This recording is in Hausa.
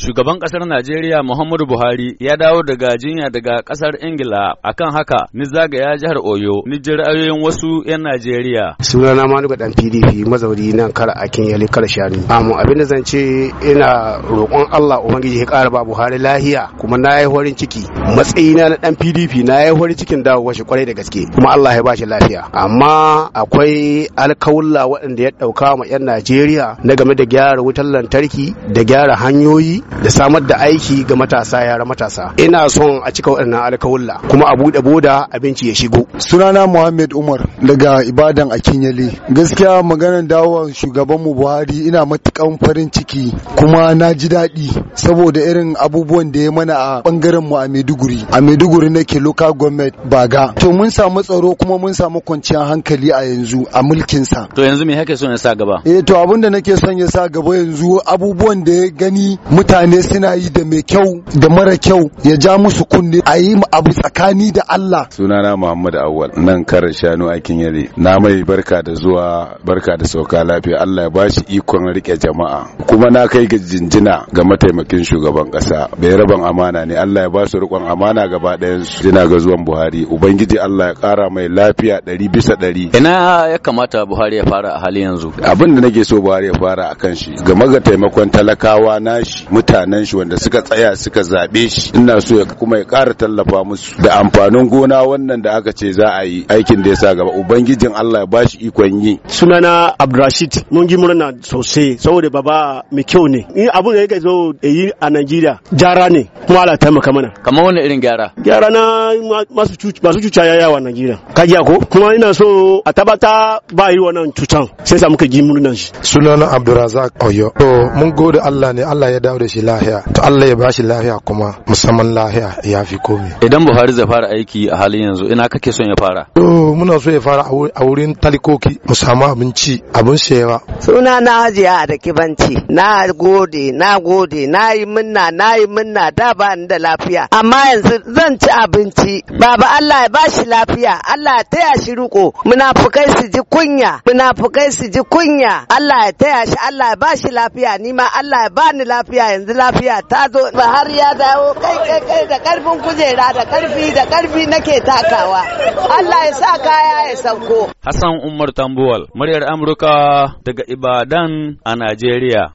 Shugaban ƙasar Najeriya Muhammadu Buhari ya dawo daga jinya daga ƙasar Ingila kan haka ni zagaya jihar Oyo ni ra'ayoyin wasu 'yan Najeriya. Sunana Manuga dan PDP mazauri nan kar akin yali kar shanu. Amu abin da zan ce ina roƙon Allah Ubangiji ya ƙara ba Buhari lahiya kuma na yi horin ciki matsayina na ɗan PDP na yi horin cikin dawo shi kwarai da gaske kuma Allah ya ba shi lafiya. Amma akwai alkawulla waɗanda ya ɗauka ma 'yan Najeriya na game da gyara wutar lantarki da gyara hanyoyi da samar da aiki ga matasa yara matasa ina son a cika waɗannan alkawulla kuma a buɗe boda abinci ya shigo sunana muhammad umar daga ibadan a kinyale gaskiya maganar shugaban mu buhari ina matukan farin ciki kuma na ji daɗi saboda irin abubuwan da ya mana a bangaren mu a maiduguri a maiduguri nake local government baga to mun samu tsaro kuma mun samu kwanciyar hankali a yanzu a mulkin sa. to yanzu me hake son ya sa gaba eh to abinda nake son ya sa gaba yanzu abubuwan da ya gani mutane mutane suna yi da mai kyau da mara kyau ya ja musu kunne a yi abu tsakani da Allah sunana Muhammad Awwal nan karin shanu aikin yare na mai barka da zuwa barka da sauka lafiya Allah ya bashi ikon rike jama'a kuma na kai ga jinjina ga mataimakin shugaban kasa bai raban amana ne Allah ya ba su rikon amana gaba ɗayan su jina ga zuwan Buhari ubangiji Allah ya kara mai lafiya ɗari bisa ɗari ina ya kamata Buhari ya fara a hali yanzu abin da nake so Buhari ya fara akan shi game ga taimakon talakawa na shi. mutanen shi wanda suka tsaya suka zaɓe shi ina so ya kuma ya ƙara tallafa musu da amfanin gona wannan da aka ce za a yi aikin da ya sa gaba ubangijin Allah ya bashi ikon yi sunana Abdurrashid mun ji murna sosai saboda baba mai kyau ne in abun da yake zo yi a Najeriya jara ne kuma Allah taimaka mana kamar wannan irin gyara gyara na masu masu cuci ya yawa Najeriya ka ji ko kuma ina so a tabata ba yi wannan cutan sai sa muka ji murnan shi sunana Abdurrazak Oyo to mun gode Allah ne Allah ya dawo da shi lahiya to Allah ya bashi lahiya kuma musamman lahiya ya fi komi idan Buhari zai fara aiki a halin yanzu ina kake son ya fara to muna so ya fara a wurin talikoki mu samu abinci abin shewa suna na hajiya da kibanci na gode na gode na yi minna na yi minna da ba ni da lafiya amma yanzu zan ci abinci baba Allah ya bashi lafiya Allah ya taya shi riko fukai su ji kunya fukai su ji kunya Allah ya taya shi Allah ya bashi lafiya ni ma Allah ya bani lafiya yanzu yanzu lafiya ta zo ba har ya dawo kai kai kai da karfin kujera da karfi da karfi nake takawa Allah ya sa kaya ya sauko Hassan Umar Tambuwal muryar Amurka daga Ibadan a Najeriya